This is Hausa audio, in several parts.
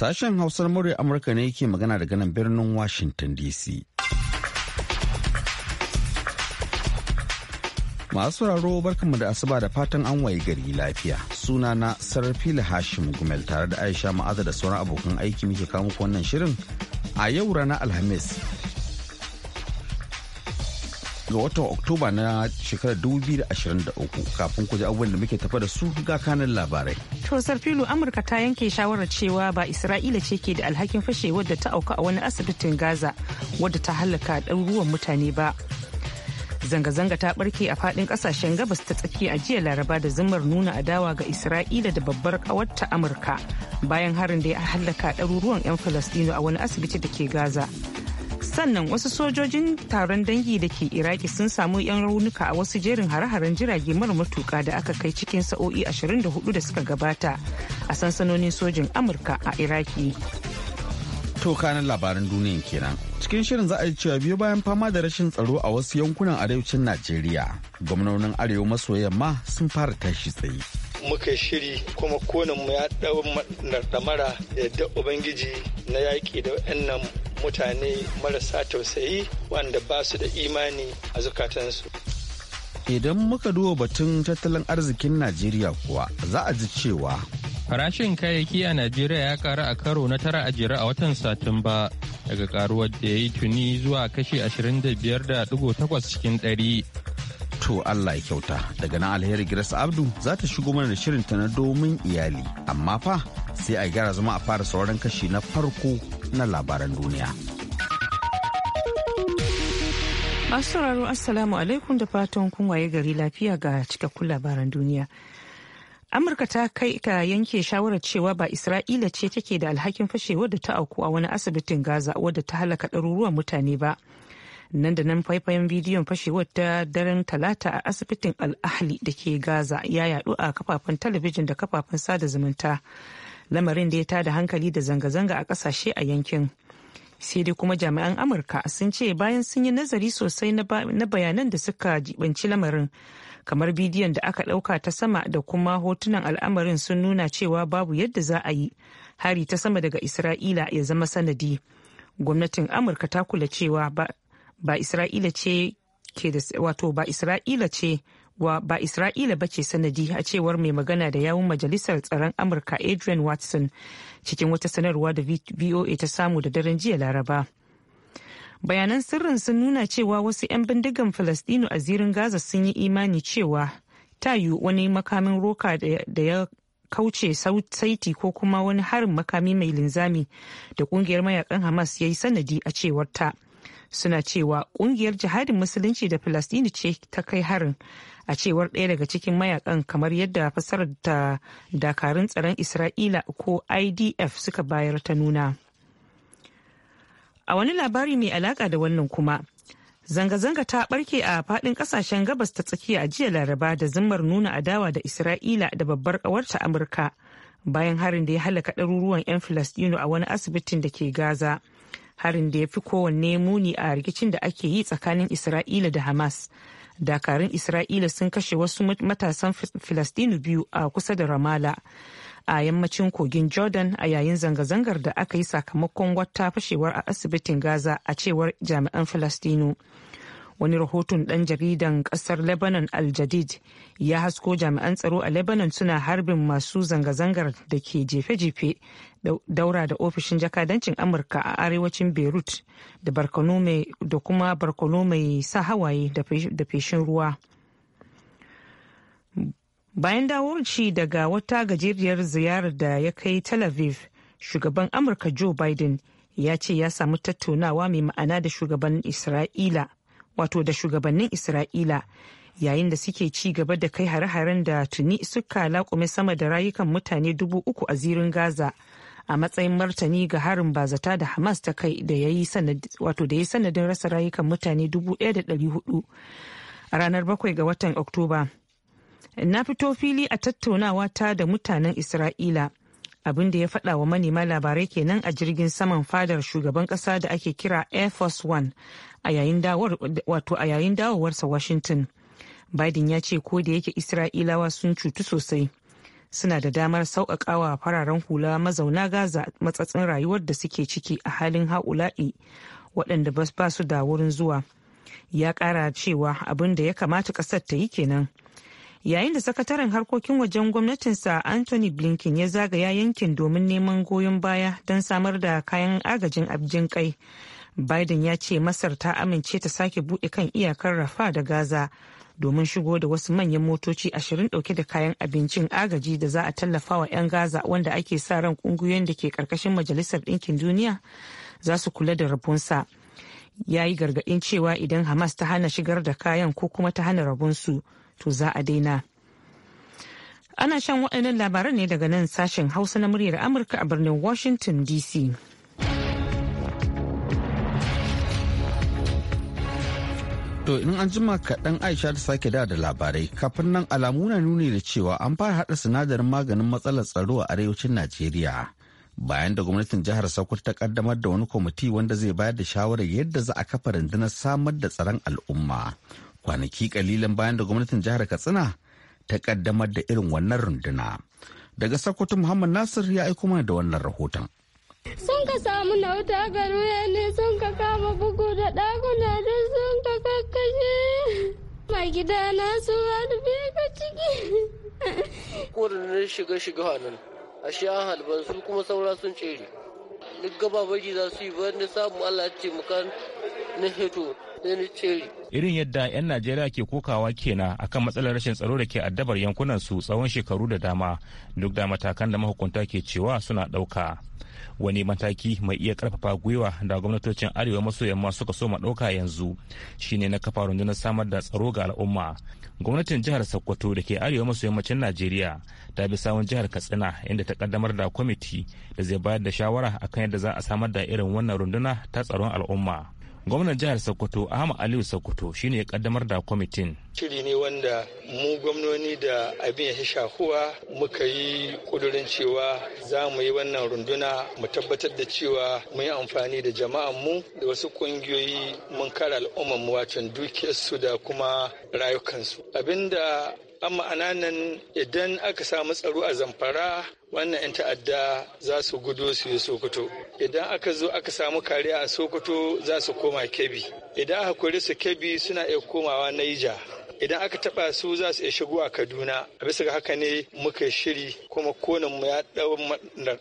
Sashen Hausar murya Amurka ne yake magana daga nan birnin Washington DC. Masu sauraro barkanmu da asuba da fatan an waye gari lafiya. Suna na Sarfila Hashim Gumel tare da Aisha Ma'aza da sauran abokan aiki muke kawo muku wannan shirin a yau ranar Alhamis ga watan Oktoba na shekarar 2023 kafin ku ji abubuwan da muke tafa da su ga kanan labarai. To Sarfilu Amurka ta yanke shawarar cewa ba Isra'ila ce ke da alhakin fashe wadda ta auka a wani asibitin Gaza wadda ta halaka ɗaruruwan mutane ba. Zanga-zanga ta barke a faɗin ƙasashen gabas ta tsakiya a jiya laraba da zumar nuna adawa ga Isra'ila da babbar ƙawarta Amurka bayan harin da ya halaka ɗaruruwan 'yan Falastinu a wani asibiti da ke Gaza. sannan wasu sojojin taron dangi da ke iraki sun samu 'yan raunuka a wasu jerin hare-haren jirage mara matuka da aka kai cikin sa'o'i 24 da suka gabata a sansanonin sojin amurka a iraki to kanan labaran duniya kenan cikin shirin za a yi cewa biyu bayan fama da rashin tsaro a wasu yankunan arewacin najeriya gwamnonin arewa maso yamma sun fara tashi tsaye muka shiri kuma konan mu ya ɗau ɗamara da ubangiji na yaƙi da 'yan mutane marasa tausayi wanda ba su da imani a zukatansu. Idan muka duba batun tattalin arzikin Najeriya kuwa za a ji cewa. Farashin kayayyaki a Najeriya ya karu a karo na tara a jira a watan Satumba daga karuwar da ya yi tuni zuwa kashi 25.8 cikin ɗari. To Allah ya kyauta daga nan alheri Grace Abdu za ta shigo mana da shirin ta na domin iyali amma fa sai a gyara zama a fara sauran kashi na farko na labaran duniya. Masu sauraro Assalamu alaikum da fatan kun waye gari lafiya ga cikakkun labaran duniya. Amurka ta kai ka yanke shawarar cewa ba Isra'ila ce take da alhakin fashe wadda ta auku a wani asibitin Gaza wadda ta halaka ɗaruruwan mutane ba. Nan da nan faifayen bidiyon fashewar ta daren talata a asibitin Al-Ahli da ke Gaza ya yadu a kafafen talabijin da kafafen sada zumunta. lamarin da ya da hankali da zanga-zanga a kasashe a yankin sai dai kuma jami'an amurka sun ce bayan sun yi nazari sosai na bayanan da suka jibanci lamarin kamar bidiyon da aka ɗauka ta sama da kuma hotunan al'amarin sun nuna cewa babu yadda za a yi hari ta sama daga isra'ila ya zama sanadi gwamnatin amurka ta kula cewa ba isra'ila ce wa ba Isra'ila ba ce sanadi a cewar mai magana da yawun majalisar tsaron Amurka Adrian Watson cikin wata sanarwa da VOA ta samu da daren jiya Laraba. Bayanan sirrin sun nuna cewa wasu 'yan bindigan Falastinu a zirin Gaza sun yi imani cewa ta tayu wani makamin roka da ya kauce saiti ko kuma wani harin makami mai linzami da kungiyar mayakan Hamas ya yi sanadi a cewar ta. Suna cewa kungiyar jihadin musulunci da Falastinu ce ta kai harin a cewar ɗaya daga cikin mayakan kamar yadda fasarar ta dakarun tsaron isra'ila ko idf suka bayar ta nuna a wani labari mai alaka da wannan kuma zanga-zanga ta barke a fadin kasashen gabas ta tsakiya a jiya laraba da zimmar nuna adawa da isra'ila da babbar ƙawarta amurka bayan harin da ya halaka ɗaruruwan 'yan filastino a wani asibitin da ke gaza harin da ya fi kowanne muni a rikicin da ake yi tsakanin isra'ila da hamas dakarun isra'ila sun kashe wasu matasan Filistinu biyu a kusa da ramala a yammacin kogin jordan a yayin zanga-zangar da aka yi sakamakon wata fashewar a asibitin gaza a cewar jami'an Filistinu. wani rahoton ɗan jaridan ƙasar lebanon al ya hasko jami'an tsaro a lebanon suna harbin masu zanga-zangar da ke jefe-jefe daura da ofishin jakadancin amurka a arewacin beirut da kuma barkono mai sa hawaye da feshin ruwa bayan dawowar daga wata gajeriyar ziyarar da ya kai tel aviv shugaban amurka joe biden ya ce ya samu tattaunawa mai ma'ana da shugaban isra'ila wato da shugabannin isra'ila yayin da suke ci gaba da kai hare-haren da tuni suka laƙume sama da rayukan mutane dubu uku a zirin gaza a matsayin martani ga harin bazata da hamas ta kai da ya yi sanadin rasa rayukan mutane dubu ɗaya da ɗari hudu a ranar bakwai ga watan oktoba na fito fili a tattaunawa ta da mutanen isra'ila abin da ya faɗa wa manema labarai kenan a jirgin saman fadar shugaban ƙasa da ake kira air force one a yayin dawowarsa washington biden ya ce ko da yake isra'ilawa sun cutu sosai suna da damar sauƙaƙawa fararen hula mazauna gaza matsatsin rayuwar da suke ciki a halin haula'i waɗanda ba su da wurin zuwa ya ƙara cewa abin da ya kamata ƙasar ta yi kenan yayin da sakataren harkokin wajen gwamnatinsa anthony blinken ya zagaya yankin domin neman goyon baya don samar da kayan agajin abjin kai biden ya ce masar ta amince ta sake buɗe kan iyakar rafa da gaza domin shigo da wasu manyan motoci ashirin dauke da kayan abincin agaji da za a tallafa wa 'yan gaza wanda ake sa ran kungiyoyin da ke karkashin majalisar ɗinkin duniya za su kula da rabonsa ya yi gargaɗin cewa idan hamas ta hana shigar da kayan ko kuma ta hana su. to za a daina. Ana shan waɗannan labaran ne daga nan sashen Hausa na muryar Amurka a birnin Washington DC. To in an jima kaɗan Aisha ta sake da da labarai kafin nan alamu na nuni da cewa an fara haɗa sinadarin maganin matsalar tsaro a arewacin Najeriya. Bayan da gwamnatin jihar Sokoto ta kaddamar da wani kwamiti wanda zai bayar da shawarar yadda za a kafa rundunar samar da tsaron al'umma. kwanaki kalilan bayan da gwamnatin jihar katsina ta kaddamar da irin wannan runduna daga sokoto muhammad nasir ya aiko mana da wannan rahoton sun ka samu na wuta garu ne sun ka kama bugu da ɗakuna da sun ka kakkashe ma gida na su harbe ka ciki ƙudurin shiga shiga hannun shi an halban su kuma saura sun cere duk gaba baji za su yi ba ni samu allah ce mukan na heto Irin yadda 'yan Najeriya ke kokawa kenan akan matsalar rashin tsaro da ke addabar yankunan su tsawon shekaru da dama duk da matakan da mahukunta ke cewa suna ɗauka. Wani mataki mai iya karfafa gwiwa da gwamnatocin arewa maso yamma suka soma ɗauka yanzu shine na kafa rundunar samar da tsaro ga al'umma. Gwamnatin jihar Sokoto da ke arewa maso yammacin Najeriya ta bi sawun jihar Katsina inda ta kaddamar da kwamiti da zai bayar da shawara akan yadda za a samar da irin wannan runduna ta tsaron al'umma. gwamnan jihar sokoto ahmad aliyu sokoto shine ya kaddamar da kwamitin shiri ne wanda mu gwamnoni da abin ya shahuwa muka yi kudurin cewa za mu yi wannan runduna mu tabbatar da cewa mun yi amfani da jama'an mu da wasu kungiyoyi mun kare al'umman mu wacan dukiyarsu da kuma rayukansu abinda amma nan idan aka samu tsaro a zamfara wannan 'yan ta'adda za su gudu su yi sokoto idan aka zo aka samu kariya a sokoto za su koma kebi idan aka su kebi suna iya komawa naija idan aka taba su za su iya shigo a kaduna a bisa ga haka ne muka shiri kuma konan mu ya dau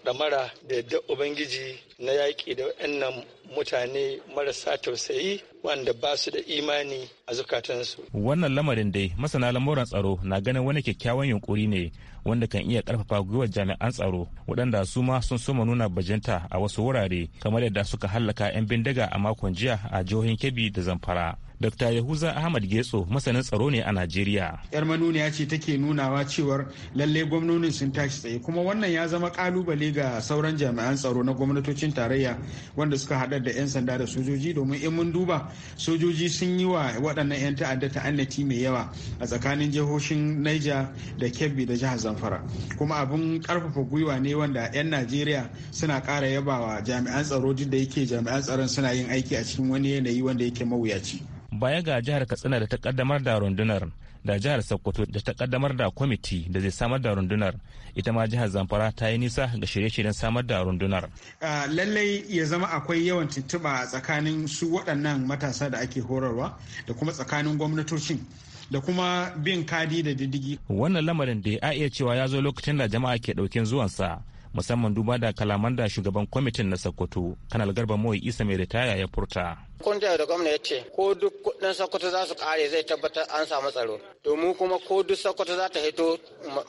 ɗamara da yadda ubangiji na yaki da waɗannan mutane marasa tausayi wanda ba su da imani a zukatansu. Wannan lamarin dai masana lamuran tsaro na ganin wani kyakkyawan yunkuri ne wanda kan iya karfafa gwiwar jami'an tsaro waɗanda su ma sun soma nuna bajinta a wasu wurare kamar yadda suka hallaka 'yan bindiga a makon jiya a jihohin Kebbi da Zamfara. Dr. Yahuza Ahmad Getso masanin tsaro ne a Najeriya. Yar manuniya ce take nunawa cewar lalle gwamnonin sun tashi tsaye kuma wannan ya zama kalubale ga sauran jami'an tsaro na gwamnatocin tarayya wanda suka hadar da 'yan sanda da sojoji domin in mun duba sojoji sun yi wa waɗannan 'yan ta'adda ta'annati mai yawa a tsakanin jihohin Niger da Kebbi da jihar Zamfara. Kuma abin karfafa gwiwa ne wanda 'yan Najeriya suna kara yabawa jami'an tsaro duk da yake jami'an tsaron suna yin aiki a cikin wani yanayi wanda yake mawuyaci. baya ga jihar katsina da ta kaddamar da rundunar da jihar sokoto da ta kaddamar da kwamiti da zai samar da rundunar ita ma jihar zamfara ta yi nisa ga shirye-shiryen samar da rundunar lallai ya zama akwai yawan tuntuɓa tsakanin su waɗannan matasa da ake horarwa da kuma tsakanin gwamnatocin da kuma bin kadi da diddigi wannan lamarin da a iya cewa ya zo lokacin da jama'a ke ɗaukin zuwansa musamman duba da kalaman da shugaban kwamitin na sokoto kanal garba moyi isa mai ritaya ya furta kunja da gwamna ya ce ko duk kudin sokoto za su kare zai tabbatar an samu tsaro domin kuma ko duk sokoto za ta hito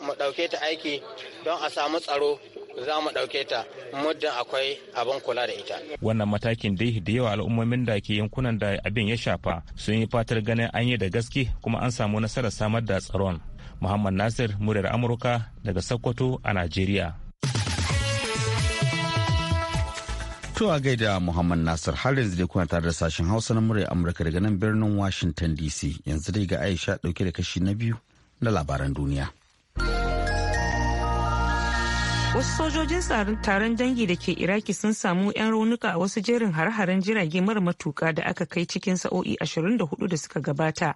mu dauke ta aiki don a samu tsaro za mu dauke ta muddin akwai abin kula da ita. Wannan matakin dai da yawa al'ummomin da ke yankunan da abin ya shafa sun yi fatar ganin an yi da gaske kuma an samu nasarar samar da tsaron. Muhammad Nasir, muryar Amurka daga Sokoto a Najeriya. To a gaida Muhammad Nasir har yanzu dai kuna tare da sashen Hausa na murya Amurka daga nan birnin Washington DC yanzu dai ga Aisha dauke da kashi na biyu na labaran duniya. Wasu sojojin tsarin taron dangi da ke Iraki sun samu 'yan raunuka a wasu jerin har-haren jirage mara matuka da aka kai cikin sa'o'i 24 da suka gabata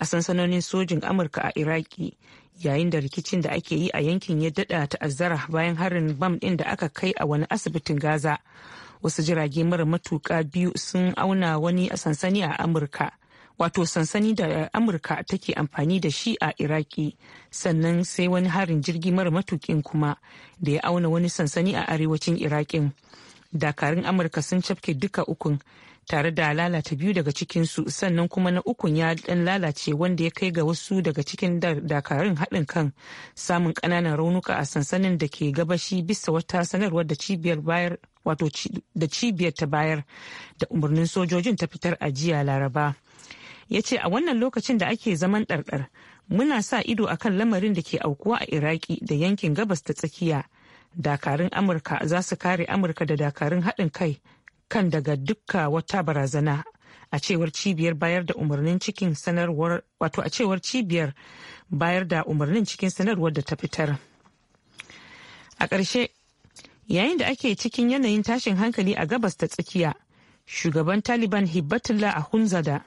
a sansanonin sojin Amurka a Iraki yayin da rikicin da ake yi a yankin ya dada ta'azzara bayan harin bam ɗin da aka kai a wani asibitin Gaza. wasu jirage mara matuka biyu sun auna wani sansani a amurka wato sansani da amurka take amfani da shi a iraki sannan sai wani harin jirgi mara matukin kuma da ya auna wani sansani a arewacin irakin dakarun amurka sun cafke duka ukun tare da lalata biyu daga cikinsu sannan kuma na ukun ya dan lalace wanda ya kai ga wasu daga cikin dakarun haɗin kan samun ƙananan raunuka a sansanin da ke gabashi bisa wata sanarwar da cibiyar bayar wato da cibiyar ta bayar da umarnin sojojin ta fitar a jiya laraba ya ce a wannan lokacin da ake zaman ɗarɗar muna sa ido a kan lamarin da ke aukuwa a iraki da yankin gabas ta tsakiya dakarun amurka za su kare amurka da dakarun haɗin kai kan daga dukka wata barazana a cewar cibiyar bayar da umarnin cikin sanarwar wato a cewar cibiyar bayar da umarnin cikin sanarwar da ta fitar a ƙarshe yayin da ake cikin yanayin tashin hankali a gabas ta tsakiya shugaban taliban hibbatullah a hunzada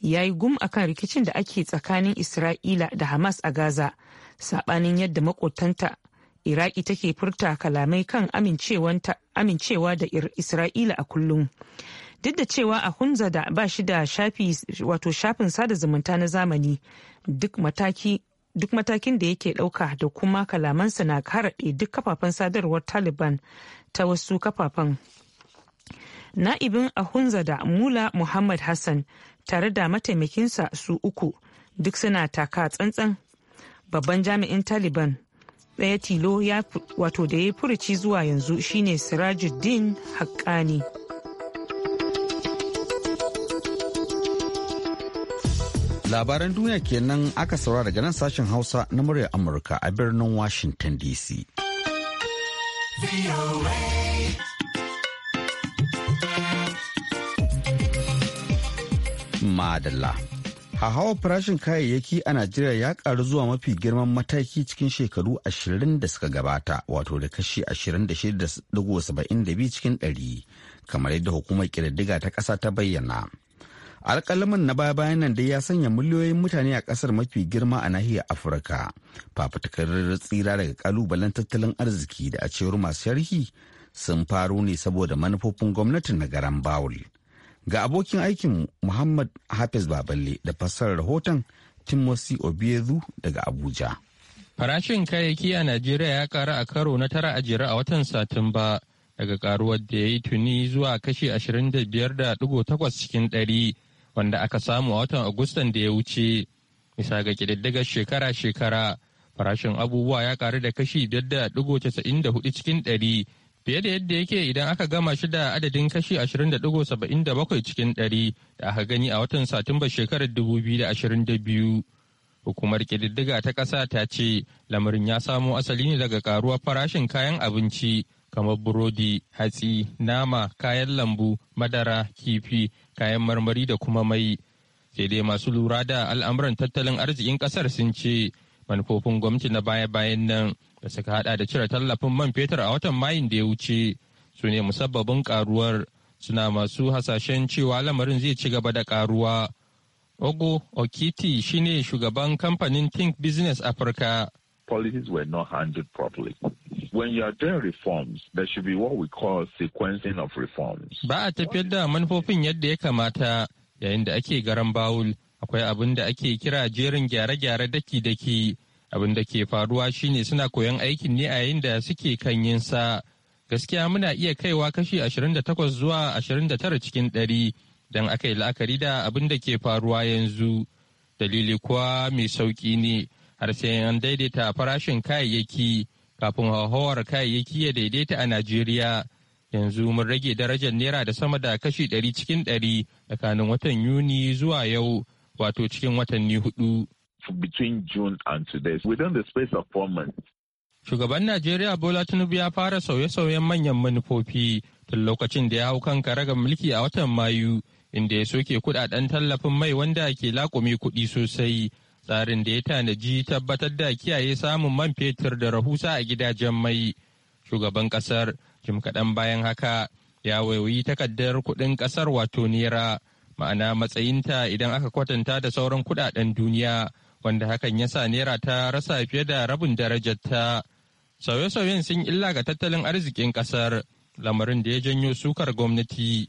ya yi gum akan rikicin da ake tsakanin isra'ila da hamas a gaza saɓanin yadda makotanta iraki take furta kalamai kan amincewa da isra'ila a kullum duk da cewa a hunza da ba shi da wato shafin sada zumunta na zamani duk mataki duk matakin da yake ɗauka da kuma kalamansa na karaɗe duk kafafen sadarwar taliban ta wasu kafafen na'ibin ahunza da mula muhammad hassan tare da mataimakinsa su uku duk suna taka tsantsan babban jami'in taliban ɗaya tilo ya wato da ya furuci zuwa yanzu shine sirajuddin haƙƙani labaran duniya kenan aka saura daga nan sashen hausa na muryar amurka a birnin washington dc madalla hawa farashin kayayyaki a najeriya ya karu zuwa mafi girman mataki cikin shekaru 20 da suka gabata wato da kashi 26.72 cikin 100 kamar yadda hukumar kididdiga ta ƙasa ta bayyana alƙalamin na baya bayan nan dai ya sanya miliyoyin mutane a ƙasar mafi girma a nahiyar afirka fafutukar tsira daga ƙalubalen tattalin arziki da a cewar masu sharhi sun faru ne saboda manufofin gwamnatin na garan bawul Ga abokin aikin Muhammad Hafiz Baballe da fassarar rahoton Timothy Obiezu daga Abuja. Farashin kayayyaki a Najeriya ya karu a karo na tara a jira a watan Satumba daga karuwar da ya yi tuni zuwa kashi 25.8 cikin ɗari wanda aka samu a watan Agustan da ya wuce. Bisa ga ƙididdigar shekara-shekara farashin abubuwa ya karu da kashi 5.94 cikin fiye da yadda yake idan aka gama shi da adadin kashi 20.77 cikin 100 da aka gani a watan satumba shekarar 2022 hukumar ƙididdiga ta ƙasa ta ce lamarin ya samo asali ne daga karuwar farashin kayan abinci kamar burodi hatsi nama kayan lambu madara kifi kayan marmari da kuma mai sai dai masu lura da al'amuran tattalin arzikin ƙasar sun ce manufofin gwamnati na baya-bayan nan da suka hada da cire tallafin man fetur a watan mayun da ya wuce su ne musabbabin karuwar suna masu hasashen cewa lamarin zai ci gaba da karuwa ogo okiti shine shugaban kamfanin think business africa policies were not handled properly. When you are doing reforms, there should be what we call sequencing of reforms. Ba a tafiyar da manufofin yadda ya kamata yayin da ake garan bawul akwai abin da ake kira jerin gyare-gyare daki-daki abin da ke faruwa shine suna koyon aikin ne a yayin da suke kan yin sa gaskiya muna iya kaiwa kashi 28 zuwa 29 cikin 100 don aka yi la'akari da abin da ke faruwa yanzu dalili kuwa mai sauki ne har sai an daidaita farashin kayayyaki kafin hauhawar kayayyaki ya daidaita a najeriya yanzu mun rage darajar naira da sama da kashi 100 cikin 100 tsakanin watan yuni zuwa yau wato cikin watanni hudu. Between June and today, within the space of four months. Shugaban Najeriya Bola Tinubu ya fara sauye-sauyen manyan manufofi tun lokacin da ya hau kan karagar mulki a watan Mayu, inda ya soke kudaden tallafin mai wanda ke lakumi kudi sosai. Tsarin da ya tanaji tabbatar da kiyaye samun man fetur da rahusa a gidajen mai. Shugaban kasar jim kaɗan bayan haka, ya waiwayi takardar kuɗin kasar wato nera. ma'ana matsayinta idan aka kwatanta da sauran kudaden duniya wanda hakan ya sa naira ta rasa fiye da rabin darajarta sauye-sauyen sun illa ga tattalin arzikin kasar lamarin da ya janyo sukar gwamnati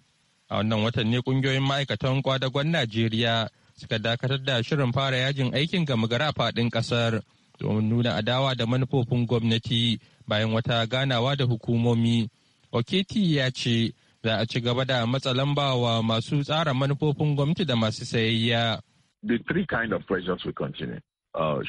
a wannan watan ne kungiyoyin ma'aikatan kwadagon najeriya suka dakatar da shirin fara yajin aikin gama a fadin kasar domin nuna adawa da manufofin gwamnati bayan wata ganawa da hukumomi oketi ya ce za a ci gaba da matsa lamba wa masu tsara manufofin gwamnati da masu sayayya. The three kind of pressures we continue. Uh,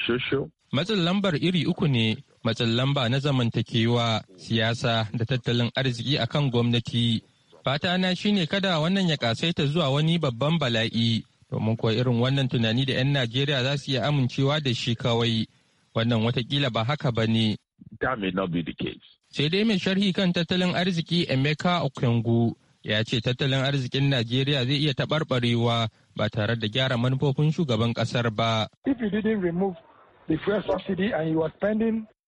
matsin lambar iri uku ne, matsin lamba na zamantakewa, siyasa da tattalin arziki akan gwamnati. Fata na ne kada wannan ya kasaita zuwa wani babban bala'i, domin kuwa irin wannan tunani da 'yan Najeriya za su iya amincewa da shi kawai. Wannan watakila ba haka ba ne. That may not be the case. sai dai mai sharhi kan tattalin arziki emeka okwengu ya ce tattalin arzikin najeriya zai iya taɓarɓarewa ba tare da gyara manufofin shugaban ƙasar ba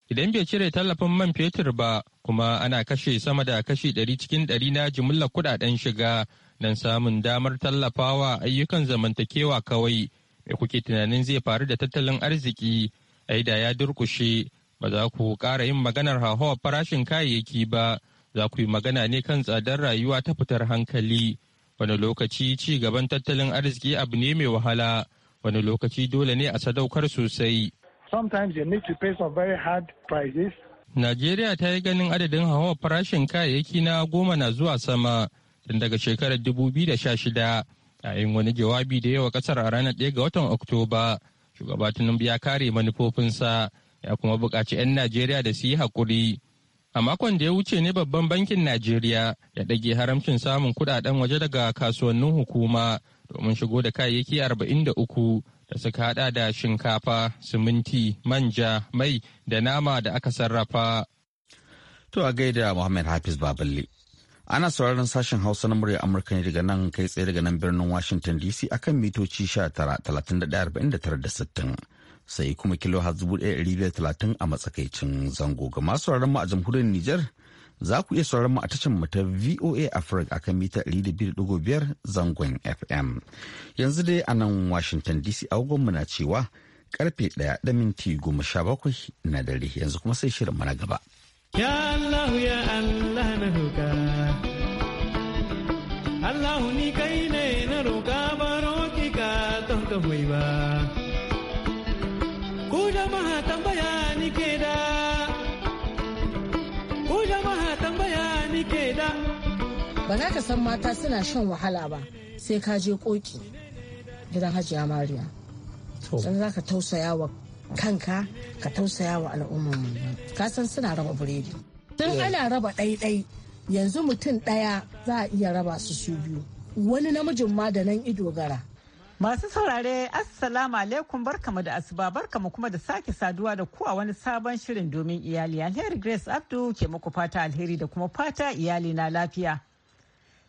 idan bai cire tallafin man fetur ba kuma ana kashe sama da kashi ɗari cikin ɗari na jimillar kuɗaɗen shiga don samun damar tallafawa ayyukan zamantakewa kawai mai kuke tunanin zai faru da tattalin arziki aida ya durkushe ba za ku ƙara yin maganar hauhawar farashin kayayyaki ba za ku yi magana ne kan tsadar rayuwa ta fitar hankali wani lokaci ci gaban tattalin arziki abu ne mai wahala wani lokaci dole ne a sadaukar sosai. Sometimes you need to pay some very hard prices. Najeriya ta yi ganin adadin hauhawar farashin kayayyaki na goma na zuwa sama tun daga shekarar 2016 yayin wani jawabi da yawa kasar a ranar 1 ga watan Oktoba. shugabatunan biya ya kare manufofinsa ya kuma buƙaci 'yan Najeriya da su yi haƙuri. A makon da ya wuce ne babban bankin Najeriya ya ɗage haramcin samun kuɗaɗen waje daga kasuwannin hukuma domin shigo da kayayyaki 43 da suka hada da shinkafa, siminti, manja, mai da nama da aka sarrafa. To a gaida Muhammad Hafiz Baballe. Ana sauraron sashen Hausa na murya Amurka ne daga nan kai tsaye daga nan birnin Washington DC akan mitoci 19 31 da sittin. sai kuma kilo biyar talatin a matsakaicin zango ga masu sauraron mu a jamhuriyar Nijar za ku iya sauraron mu a tashar mu ta VOA Africa akan mita da biyar zangon FM. Yanzu dai a nan Washington DC agogon mu na cewa karfe ɗaya da minti goma sha bakwai na dare yanzu kuma sai shirin mu na gaba. Ya Allah ya Allah na roka. Allah ni kai ne na roka baro ki ka don ka ba. jama'a ba za ka san mata suna shan wahala ba sai ka je koki gidan hajiya mariya sannan za ka tausaya wa kanka ka tausaya wa al'ummar mu ka san suna raba biredi tun eh. ana raba ɗaiɗai yanzu mutum ɗaya za a iya raba su su biyu wani namijin ma da nan ido gara Masu saurare Assalamu alaikum barkamu da asuba barkamu kuma da sake saduwa da kuwa wani sabon shirin domin iyali alheri Grace Abdu ke muku fata alheri da kuma fata iyali na lafiya.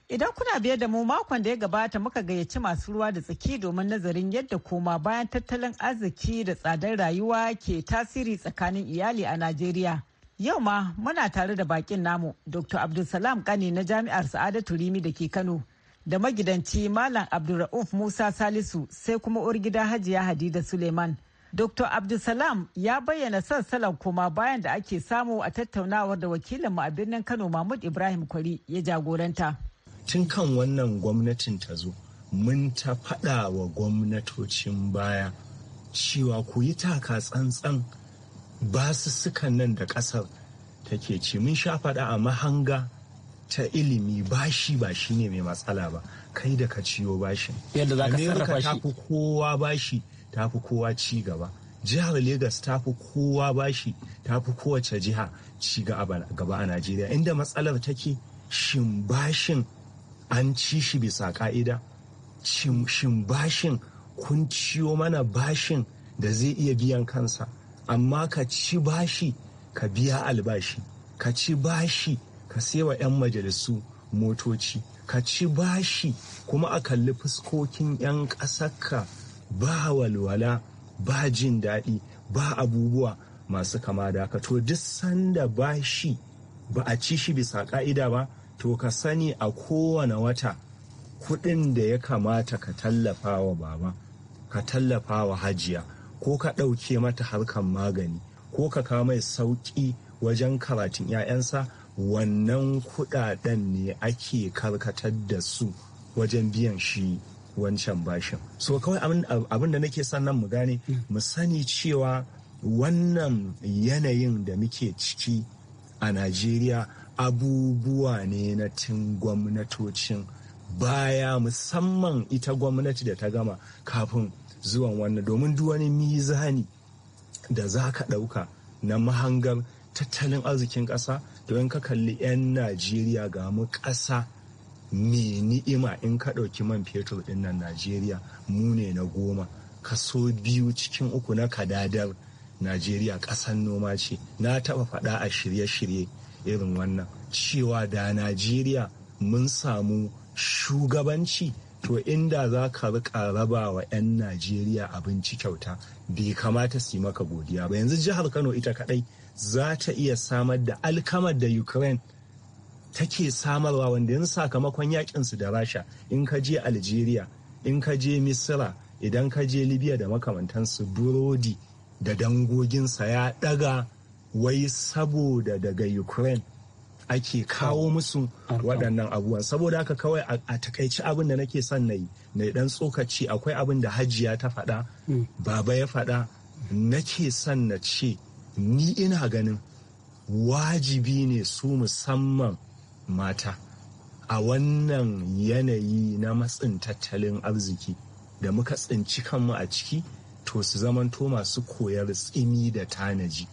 Idan kuna biye da mu makon da ya gabata muka gayyaci masu ruwa da tsaki domin nazarin yadda koma bayan tattalin arziki da tsadar rayuwa ke tasiri tsakanin iyali a Najeriya. Yau ma muna tare da bakin namu Dr. Abdulsalam Kani na Jami'ar Sa'adatu Rimi da ke Kano. da magidanci Malam Abdulra'uf Musa Salisu sai kuma Urgida Hajiya Hadida Suleiman. Dr. Abdulsalam ya bayyana sassalan kuma bayan da ake samu a tattaunawar da wakilinmu a birnin Kano Mahmud Ibrahim Kwari ya jagoranta. Tun kan wannan gwamnatin ta zo, mun ta faɗa wa gwamnatocin baya cewa ku yi taka tsantsan basussukan nan da ƙasar take ci. Mun sha faɗa a mahanga ta ilimi bashi ba shi ne mai matsala ba kai da ka ciyo bashin yadda za ka sarrafa shi tafi kowa bashi tafi kowa ci gaba jihar Legas tafi kowa bashi tafi kowace jiha ci gaba a Najeriya inda matsalar take shin bashin an ci shi bisa ka'ida shin bashin kun ciyo mana bashin da zai iya biyan kansa amma ka ci bashi ka biya albashi ka ci bashi ka sewa 'yan majalisu motoci ka ci bashi kuma a kalli fuskokin 'yan ƙasarka ba walwala ba jin daɗi ba abubuwa masu kama da haka to duk sanda bashi ba a ci shi bisa ka'ida ba to ka sani a kowane wata kuɗin da ya kamata ka tallafa wa baba ka tallafa wa hajiya ko ka ɗauke mata harkar magani ko ka kama mai sauƙi wajen karatun 'ya'yansa wannan kudaden ne ake karkatar da su wajen biyan shi wancan bashin so kawai abin da nake son nan mu gane mm. mu sani cewa wannan yanayin da muke ciki a najeriya abubuwa ne na tun gwamnatocin baya musamman ita gwamnati da ta gama kafin zuwan wannan domin duk wani mizani da za ka ɗauka na mahangar tattalin arzikin ƙasa da ka kalli 'yan najeriya ga mu ƙasa me ni'ima in ka ɗauki man fetur ɗin nan najeriya mu ne na goma kaso biyu cikin uku na kadadar najeriya ƙasan noma ce na taɓa faɗa a shirye-shirye irin wannan cewa da najeriya mun samu shugabanci to inda za ka rika raba wa 'yan najeriya abinci kyauta bai kamata su yi maka godiya ba yanzu jihar kano ita kaɗai za ta iya samar da alkamar da ukraine take samarwa wanda yin sakamakon yakinsu da rasha in ka je algeria in ka je misira idan ka je libya da makamantansu burodi da dangoginsa ya daga wai saboda daga ukraine ake kawo musu waɗannan abubuwan saboda haka kawai a takaici abin da nake son na yi na dan tsokaci akwai abin da hajiya ta faɗa mm. baba ya faɗa nake son na ce ni ina ganin wajibi ne su musamman mata a wannan yanayi na matsin tattalin arziki da muka tsinci kanmu a ciki to su zamanto masu koyar tsimi da tanaji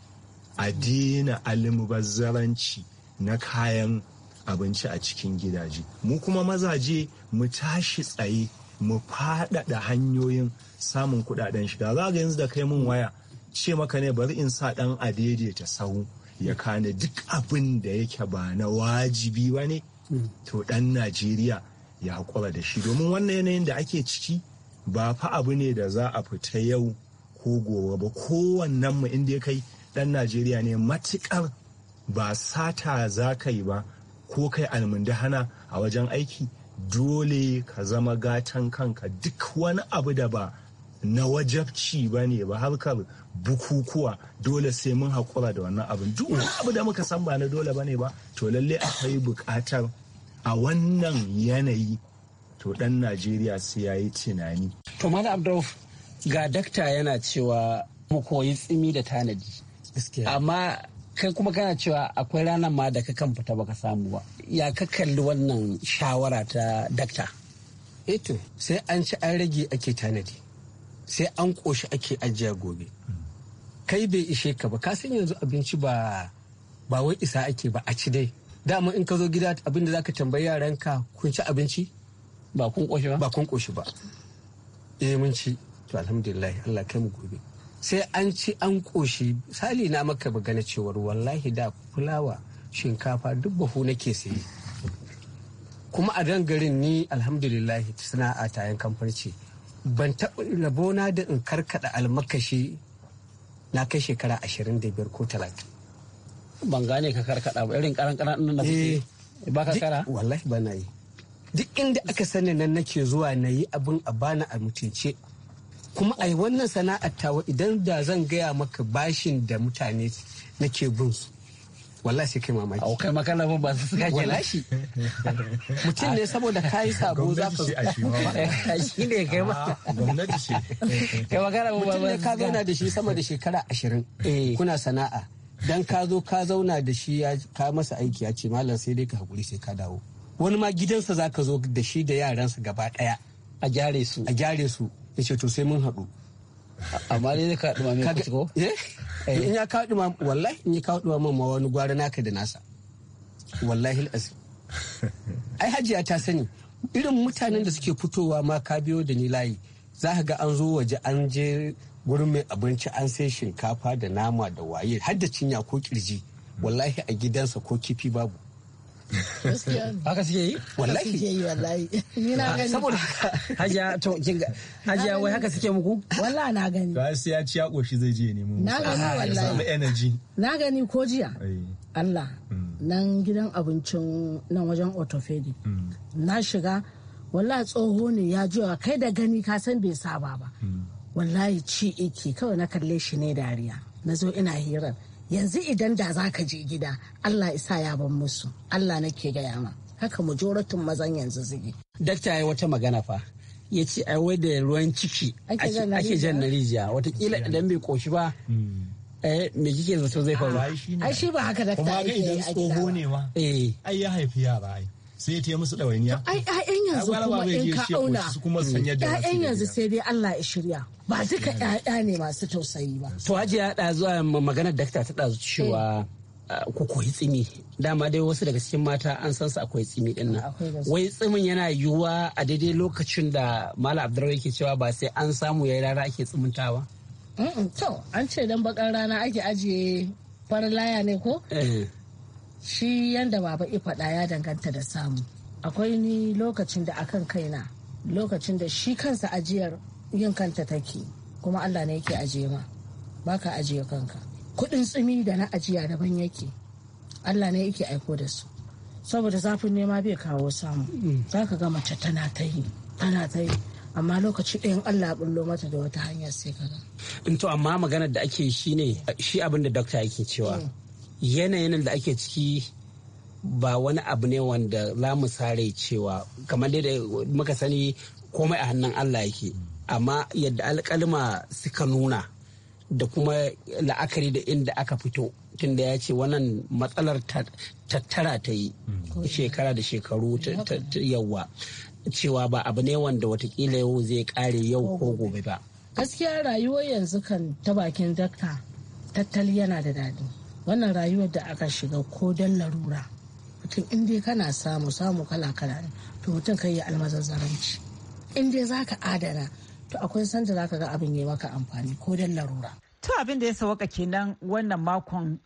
a daina almubazzaranci na kayan abinci a cikin gidaje mu kuma mazaje mu tashi tsaye mu faɗaɗa hanyoyin samun kudaden shiga za ga yanzu da kai mun waya ce maka ne bari in sa dan adaidaita sahu ya kane duk abin da yake ba na wajibi ba ne hmm. to dan najeriya ya hakura da shi domin wannan yanayin da ake ciki ba fa abu ne da za a fita yau ko gobe ba kowannen mu inda ya kai dan najeriya ne matukar ba sata za ka yi ba ko kai almundahana a wajen aiki dole ka zama gatan kanka duk wani abu da ba na wajabci ba ne ba harkar bukukuwa dole sai mun haƙura da wannan abin duk wani abu da muka san ba na dole ba ne ba to lalle akwai buƙatar a wannan yanayi to ɗan najeriya sai ya yi tunani to mana abdulf ga dakta yana cewa mu koyi tsimi da tanadi amma kai kuma kana cewa akwai ranar ma da ka kan fita baka samu ba ya ka kalli wannan shawara ta dakta eto eh sai an ci an rage ake tanadi sai an ƙoshi ake ajiya gobe kai bai ishe ka ba ka san yanzu abinci ba ba wai isa ake ba a ci dai dama in ka zo gida abin da zaka tambayi yaranka kun ci abinci ba kun ƙoshi ba ba kun ƙoshi ba eh mun ci to alhamdulillah Allah kai mu gobe sai an ci an ƙoshi sali na maka magana cewar wallahi da fulawa shinkafa duk bahu nake sayi kuma a dan garin ni alhamdulillah sana'a ta yan kamfanci. ban taɓa rabona da in karkaɗa almakashi na kai shekara ashirin da biyar ko talatin. ban gane ka karkaɗa ba irin karan karan nan da kuke eh, ba ka kara wallahi ba na yi duk inda aka sani nan nake zuwa na yi abin a bana a mutunce kuma ai wannan sana'ar tawa idan da zan gaya maka bashin da mutane nake bin su wallahi sai kai mamaki au kai makana ba ba su kake lashi mutum ne saboda kai sabo za ka eh, shi ne kai ba ah, gwamnati ce kai ba mutum ne ka zauna da shi sama da shekara ashirin eh. kuna sana'a dan ka zo ka zauna da shi ya ka masa aiki ya ce malam sai dai ka hakuri sai ka dawo wani ma gidansa za ka zo da shi da yaransa gaba daya a gyare su a gyare su ya ce to sai mun haɗu amma dai ka duma mai kuci ko eh? Eh. in ya kawo ma wallahi in ya kawo ma ma wani gwara naka da nasa wallahi al'azim ai hajiya ta sani irin mutanen da suke fitowa ma ka biyo da ni layi za ka ga an zo waje an je gurin mai abinci an sai shinkafa da nama da waye har da cinya ko kirji wallahi a gidansa ko kifi babu haka suke yi wallahi suke yi wallahi ni na gani saboda hajiya to jinga hajiya wai haka suke muku wallahi na gani ba sai ya ci ya koshi zai je nemo na gani ah, wallahi samu energy na gani ko jiya Allah hmm. nan gidan abincin nan wajen orthopedic hmm. na shiga wallahi tsoho ne ya wa kai da gani ka san bai saba ba hmm. wallahi ci iki kawai na kalle shi ne dariya na zo ina hirar yanzu idan da za ka je gida allah isa ya ban musu allah nake gaya ma haka majoratin mazan yanzu zigi. dakta ya wata magana fa ya ce a wai da ruwan ciki ake jan na rijiya watakila idan bai koshi ba hmm. eh me kike zato zai faru ai shi ba haka dakta kuma ga idan tsoho ne ma eh. ai ya haifi yara ai sai ya musu ɗawainiya. Ai ƴaƴan yanzu kuma in ka auna ƴaƴan yanzu sai dai Allah ya shirya ba duka ƴaƴa ne masu tausayi ba. To hajiya ya zuwa maganar dakta ta ɗazu cewa eh. ku koyi tsimi dama dai wasu daga cikin mata an san su akwai tsimi din nan wai tsimin yana yiwuwa a daidai lokacin da malam abdurrahman yake cewa ba sai an samu yayi rana ake tsimintawa to an ce dan bakar rana ake ajiye farin laya ne ko eh. shi yanda baba faɗa ya danganta da samu akwai ni lokacin da akan kaina lokacin da shi kansa ajiyar yin kanta take kuma allah ne yake ajiye ma ba ka ajiye kanka kuɗin tsumi da na ajiya daban yake allah ne yake aiko da su saboda zafin nema bai kawo samu mm. za ka ga mace tana ta yi tana ta yi amma lokaci ɗayan Allah bullo mata da wata hanyar sai ga. In to amma maganar da ake shi ne shi abin dokta yake cewa mm. yanayin da ake ciki ba wani abu ne wanda za mu sare cewa kamar da muka sani komai a hannun Allah yake amma yadda alkalma suka nuna da kuma la'akari da inda aka fito tunda ya ce wannan matsalar tattara ta yi shekara da shekaru yauwa cewa ba abu ne wanda watakila yau zai kare yau ko gobe ba gaskiya rayuwar yanzu kan ta bakin dakta tattali yana da daɗi wannan rayuwar da aka shiga ko don larura mutum in dai kana samu samu kala kala ne to mutum kai ya almazazzaranci in dai ka adana to akwai sanda za ka ga abin ya maka amfani ko don larura to abin da ya sauka kenan wannan makon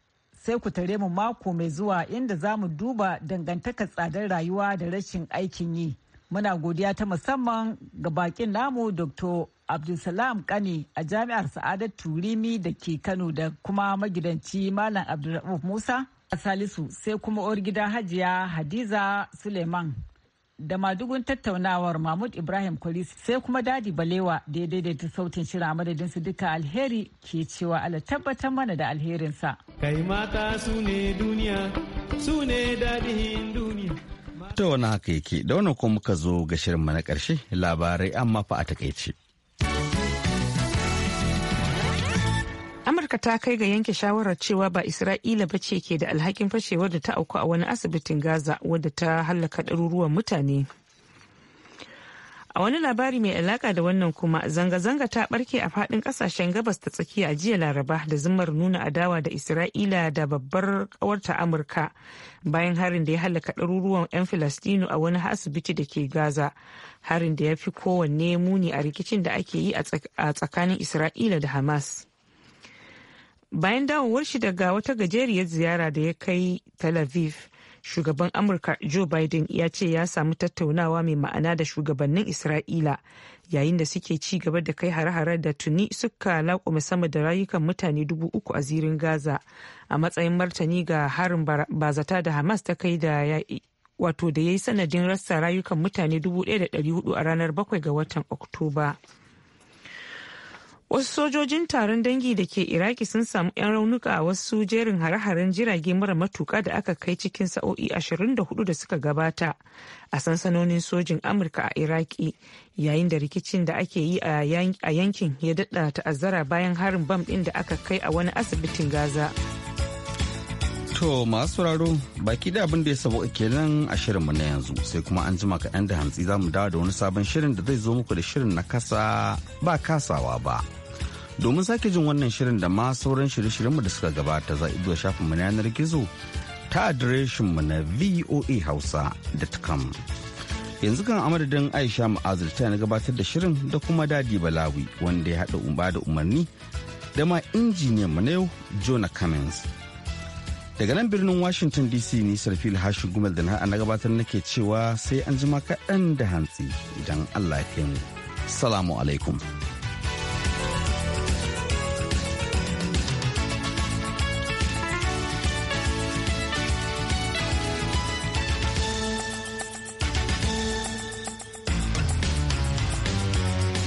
sai ku tare mu mako mai zuwa inda za mu duba dangantakar tsadar rayuwa da rashin aikin yi muna godiya ta musamman ga bakin namu dr Abdulsalam kani a Jami'ar Sa'adat Turimi da ke Kano da kuma magidanci Malam Abdulrahman Musa a Salisu sai kuma gida Hajiya Hadiza Suleiman. Da madugun tattaunawar Mahmud Ibrahim Kwaris sai kuma Dadi Balewa da ya daidaita sautin shirin a madadin su duka alheri ke cewa ala tabbatar mana da alherinsa. Kai mata su ne duniya, su ne dadihin duniya. Ta wani haka yake, da wani kuma muka zo ga shirin mana ƙarshe labarai amma fa a takaice. haka ta kai ga yanke shawarar cewa ba isra'ila ba ce ke da alhakin fashewar da ta auku a wani asibitin gaza wadda ta hallaka ɗaruruwan mutane a wani labari mai alaka da wannan kuma zanga-zanga ta barke a fadin kasashen gabas ta tsakiya a jiya laraba da zumar nuna adawa da isra'ila da babbar kawarta amurka bayan harin da ya halaka ɗaruruwan 'yan filastinu a wani asibiti da ke gaza harin da ya fi kowanne muni a rikicin da ake yi a tsakanin isra'ila da hamas bayan dawowar shi daga wata gajeriyar ziyara da ya kai tel aviv shugaban amurka joe biden ya ce ya samu tattaunawa mai ma'ana da shugabannin isra'ila yayin da suke ci gaba da kai hare-hare da tuni suka laƙume sama da rayukan mutane dubu uku a zirin gaza a matsayin martani ga harin bazata da hamas ta kai da wato da ya yi sanadin rasa rayukan mutane dubu ɗaya da ɗari hudu a ranar bakwai ga watan oktoba. wasu sojojin taron dangi da ke iraki sun samu 'yan raunuka a wasu jerin hare-haren jirage mara matuka da aka kai cikin sa'o'i 24 da suka gabata a sansanonin sojin amurka a iraki yayin da rikicin da ake yi a yankin ya daɗa ta'azzara bayan harin bam ɗin da aka kai a wani asibitin gaza. To masu sauraro baki da abin da ya sabo nan a shirinmu na yanzu sai kuma an jima ka yan da hantsi za mu dawo da wani sabon shirin da zai zo muku da shirin na kasa ba kasawa ba. Domin sake jin wannan shirin da ma sauran shirye-shiryenmu da suka gabata za shafin shafinmu na yanar gizo ta mu na hausa voahausa.com. Yanzu kan amadadin Aisha Ma'azir ta na gabatar da shirin da kuma Dadi Balawi wanda ya haɗa umba da umarni da ma injiniyan mu na yau jona Cummings. daga nan birnin washington dc ni sarfil hashin gumel da na na gabatar nake cewa sai an jima kaɗan da hantsi idan allah ya kai mu salamu alaikum